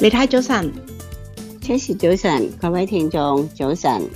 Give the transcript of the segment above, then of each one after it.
李太早晨，Chris 早晨，各位聽眾早晨，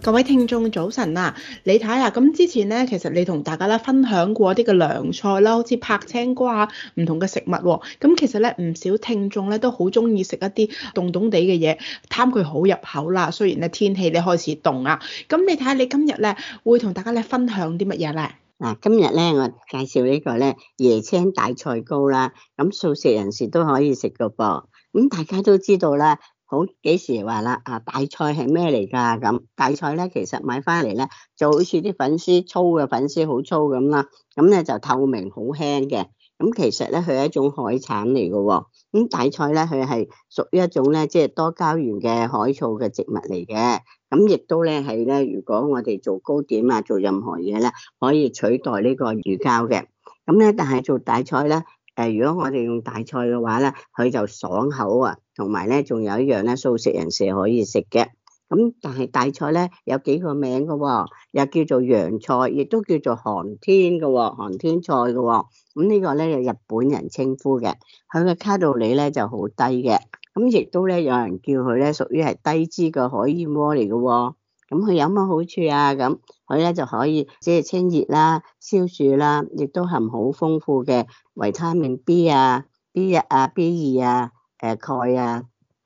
各位聽眾早晨啊！李太啊，咁之前咧，其實你同大家咧分享過啲嘅涼菜啦，好似拍青瓜唔同嘅食物。咁其實咧，唔少聽眾咧都好中意食一啲凍凍地嘅嘢，貪佢好入口啦。雖然咧天氣咧開始凍啊，咁你睇下你今日咧會同大家咧分享啲乜嘢咧？嗱，今日咧我介紹呢個咧椰青大菜糕啦，咁素食人士都可以食㗎噃。咁、嗯、大家都知道啦，好幾時話啦啊，大菜係咩嚟㗎？咁大菜咧，其實買翻嚟咧就好似啲粉絲粗嘅粉絲好粗咁啦，咁咧就透明好輕嘅。咁、嗯、其實咧佢係一種海產嚟嘅喎，咁、嗯、大菜咧佢係屬於一種咧即係多膠原嘅海草嘅植物嚟嘅，咁、嗯、亦都咧係咧，如果我哋做糕點啊做任何嘢咧，可以取代呢個魚膠嘅，咁、嗯、咧但係做大菜咧。誒，如果我哋用大菜嘅話咧，佢就爽口啊，同埋咧仲有一樣咧，素食人士可以食嘅。咁但係大菜咧有幾個名噶、哦，又叫做洋菜，亦都叫做寒天噶、哦，寒天菜噶、哦。咁、嗯、這個、呢個咧有日本人稱呼嘅，佢嘅卡路里咧就好低嘅，咁、嗯、亦都咧有人叫佢咧屬於係低脂嘅海燕窩嚟噶。咁佢有乜好處啊？咁佢咧就可以即係清熱啦、消暑啦，亦都係好豐富嘅維他命 B 啊、B 一啊、B 二啊、誒、呃、鈣啊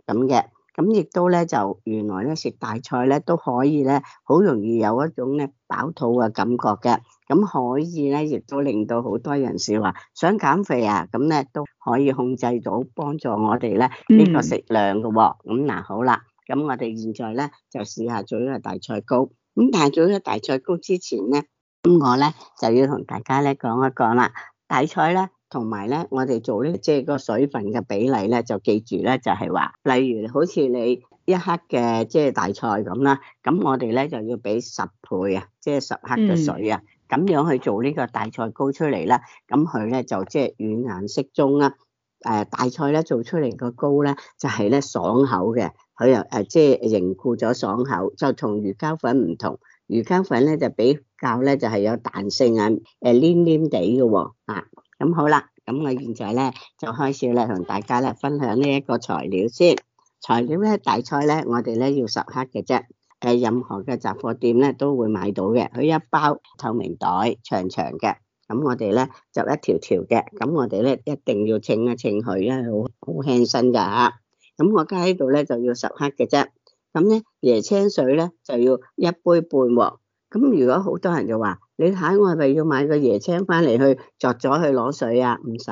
咁嘅。咁亦都咧就原來咧食大菜咧都可以咧好容易有一種咧飽肚嘅感覺嘅。咁可以咧亦都令到好多人士話想減肥啊，咁咧都可以控制到幫助我哋咧呢、呢個食量噶、哦。咁嗱好啦。咁我哋現在咧就試下做一個大菜糕。咁但係做咗大菜糕之前咧，咁我咧就要同大家咧講一講啦。大菜咧，同埋咧，我哋做呢，即係個水分嘅比例咧，就記住咧，就係話，例如好似你一克嘅即係大菜咁啦，咁我哋咧就要俾十倍啊，即係十克嘅水啊，咁、嗯、樣去做呢個大菜糕出嚟啦。咁佢咧就即係軟硬適中啦。誒，大菜咧做出嚟個糕咧就係咧爽口嘅。佢又誒，即係凝固咗爽口，就同魚膠粉唔同。魚膠粉咧就比較咧就係、是、有彈性、呃黏黏的的哦、啊，誒黏黏地嘅喎啊。咁好啦，咁我現在咧就開始咧同大家咧分享呢一個材料先。材料咧大菜咧，我哋咧要十克嘅啫。誒，任何嘅雜貨店咧都會買到嘅。佢一包透明袋，長長嘅。咁我哋咧就一條條嘅。咁我哋咧一定要稱一稱佢，因為好好輕身㗎嚇。咁我家喺度咧就要十克嘅啫，咁咧椰青水咧就要一杯半喎。咁如果好多人就話，你睇我係咪要買個椰青翻嚟去削咗去攞水啊？唔使，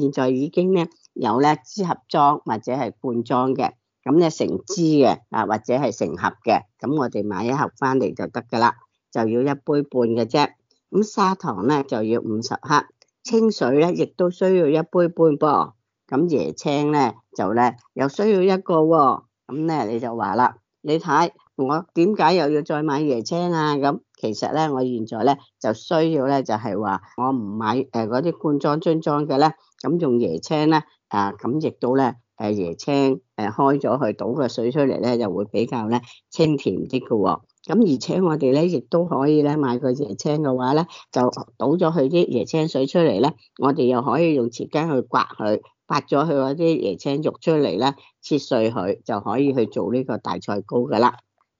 現在已經咧有咧支盒裝或者係罐裝嘅，咁咧成支嘅啊或者係成盒嘅，咁我哋買一盒翻嚟就得噶啦，就要一杯半嘅，哦、啫。咁、啊、砂糖咧就要五十克，清水咧亦都需要一杯半噃、哦。咁椰青咧就咧又需要一個喎、哦，咁、嗯、咧你就話啦，你睇我點解又要再買椰青啊？咁、嗯、其實咧，我現在咧就需要咧就係、是、話我唔買誒嗰啲罐裝樽裝嘅咧，咁、呃嗯、用椰青咧啊，咁、嗯、亦都咧誒椰青誒開咗去倒個水出嚟咧，就會比較咧清甜啲㗎、哦。咁、嗯、而且我哋咧亦都可以咧買個椰青嘅話咧，就倒咗佢啲椰青水出嚟咧，我哋又可以用匙羹去刮佢。發咗佢嗰啲椰青肉出嚟咧，切碎佢就可以去做呢個大菜糕噶啦。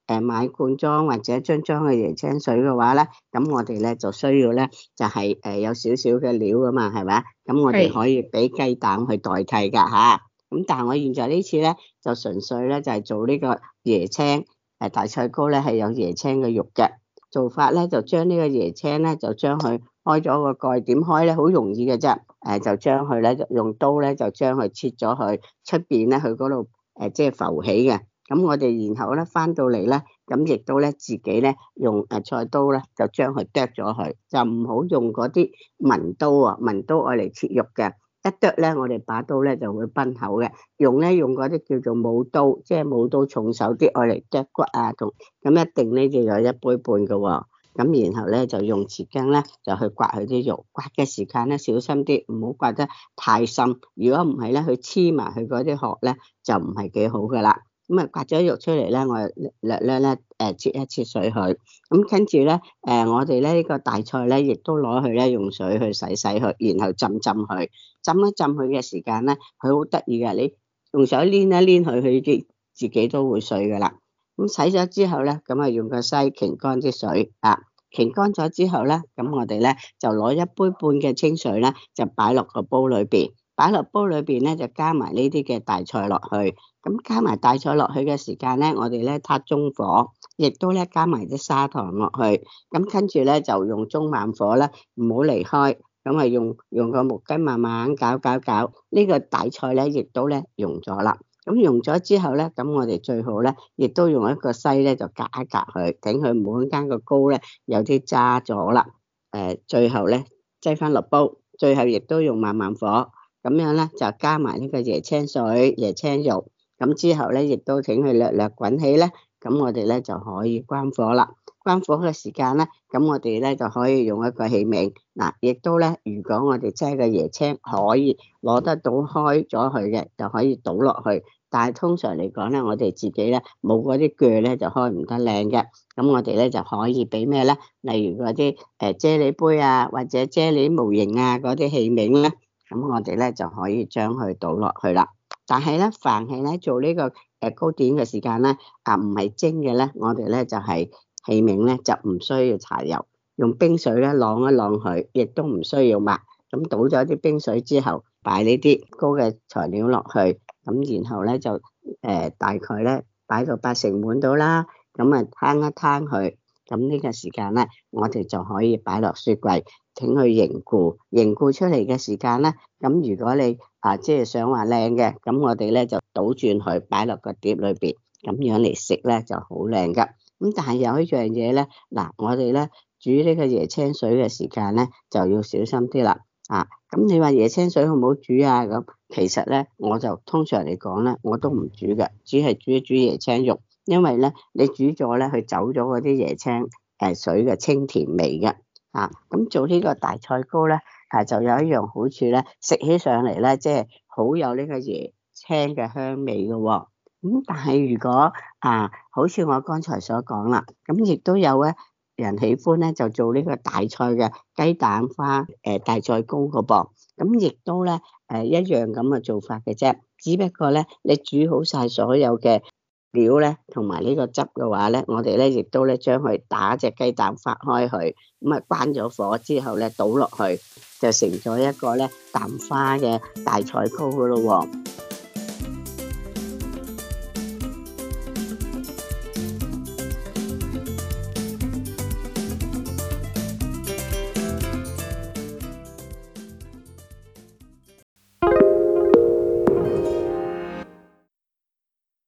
誒買罐裝或者樽裝嘅椰青水嘅話咧，咁我哋咧就需要咧就係誒有少少嘅料噶嘛，係咪？咁我哋可以俾雞蛋去代替㗎吓。咁是但係我現在次呢次咧就純粹咧就係做呢個椰青誒大菜糕咧，係有椰青嘅肉嘅做法咧，就將呢個椰青咧就將佢。開咗個蓋點開咧，好容易嘅啫。誒，就將佢咧用刀咧就將佢切咗佢出邊咧，佢嗰度誒即係浮起嘅。咁我哋然後咧翻到嚟咧，咁亦都咧自己咧用誒菜刀咧就將佢剁咗佢，就唔好用嗰啲文刀啊。文刀愛嚟切肉嘅，一剁咧我哋把刀咧就會崩口嘅。用咧用嗰啲叫做武刀，即係武刀重手啲愛嚟剁骨啊，同咁一定咧就有一杯半㗎喎。咁然後咧就用匙羹咧就去刮佢啲肉，刮嘅時間咧，小心啲，唔好刮得太深。如果唔係咧，佢黐埋佢嗰啲殼咧就唔係幾好噶啦。咁啊，刮咗肉出嚟咧，我略略咧誒切一切水佢。咁跟住咧誒，我哋咧呢個大菜咧亦都攞去咧用水去洗洗佢，然後浸浸佢。浸一浸佢嘅時間咧，佢好得意嘅，你用手黏一黏佢，佢啲自己都會碎噶啦。咁洗咗之後咧，咁啊用個篩擎乾啲水啊，擎乾咗之後咧，咁我哋咧就攞一杯半嘅清水咧，就擺落個煲裏邊。擺落煲裏邊咧，就加埋呢啲嘅大菜落去。咁加埋大菜落去嘅時間咧，我哋咧撻中火，亦都咧加埋啲砂糖落去。咁跟住咧就用中慢火咧，唔好離開。咁啊用用個木棍慢慢攪攪攪，呢、這個大菜咧亦都咧溶咗啦。咁、嗯、溶咗之後呢，咁我哋最好呢，亦都用一個篩呢，就隔一隔佢，整佢冇間個膏呢，有啲渣咗啦。誒、呃，最後呢，擠翻落煲，最後亦都用慢慢火，咁樣呢，就加埋呢個椰青水、椰青肉，咁之後呢，亦都整佢略略滾起呢，咁我哋呢就可以關火啦。翻火嘅時間咧，咁我哋咧就可以用一個器皿嗱，亦都咧，如果我哋遮個椰青可以攞得到開咗佢嘅，就可以倒落去。但係通常嚟講咧，我哋自己咧冇嗰啲鋸咧就開唔得靚嘅，咁我哋咧就可以俾咩咧？例如嗰啲誒啫喱杯啊，或者啫喱模型啊嗰啲器皿咧，咁我哋咧就可以將佢倒落去啦。但係咧，凡係咧做呢個誒糕點嘅時間咧，啊唔係蒸嘅咧，我哋咧就係。器皿咧就唔需要搽油，用冰水咧晾一晾佢，亦都唔需要抹。咁倒咗啲冰水之後，擺呢啲高嘅材料落去，咁然後咧就誒、呃、大概咧擺到八成滿度啦，咁啊攤一攤佢，咁呢個時間咧，我哋就可以擺落雪櫃，請佢凝固。凝固出嚟嘅時間咧，咁如果你啊即係、就是、想話靚嘅，咁我哋咧就倒轉佢擺落個碟裏邊，咁樣嚟食咧就好靚㗎。咁但係有一樣嘢咧，嗱我哋咧煮呢個椰青水嘅時間咧就要小心啲啦，啊咁你話椰青水好唔好煮啊？咁其實咧我就通常嚟講咧我都唔煮嘅，只係煮一煮椰青肉，因為咧你煮咗咧佢走咗嗰啲椰青誒水嘅清甜味嘅，啊咁做呢個大菜糕咧誒、啊、就有一樣好處咧，食起上嚟咧即係好有呢個椰青嘅香味嘅喎、哦。咁但係如果啊，好似我剛才所講啦，咁亦都有咧人喜歡咧就做呢個大菜嘅雞蛋花誒大菜糕嘅噃，咁亦都咧誒一樣咁嘅做法嘅啫，只不過咧你煮好晒所有嘅料咧，同埋呢個汁嘅話咧，我哋咧亦都咧將佢打隻雞蛋花開去，咁啊關咗火之後咧倒落去就成咗一個咧蛋花嘅大菜糕噶咯喎。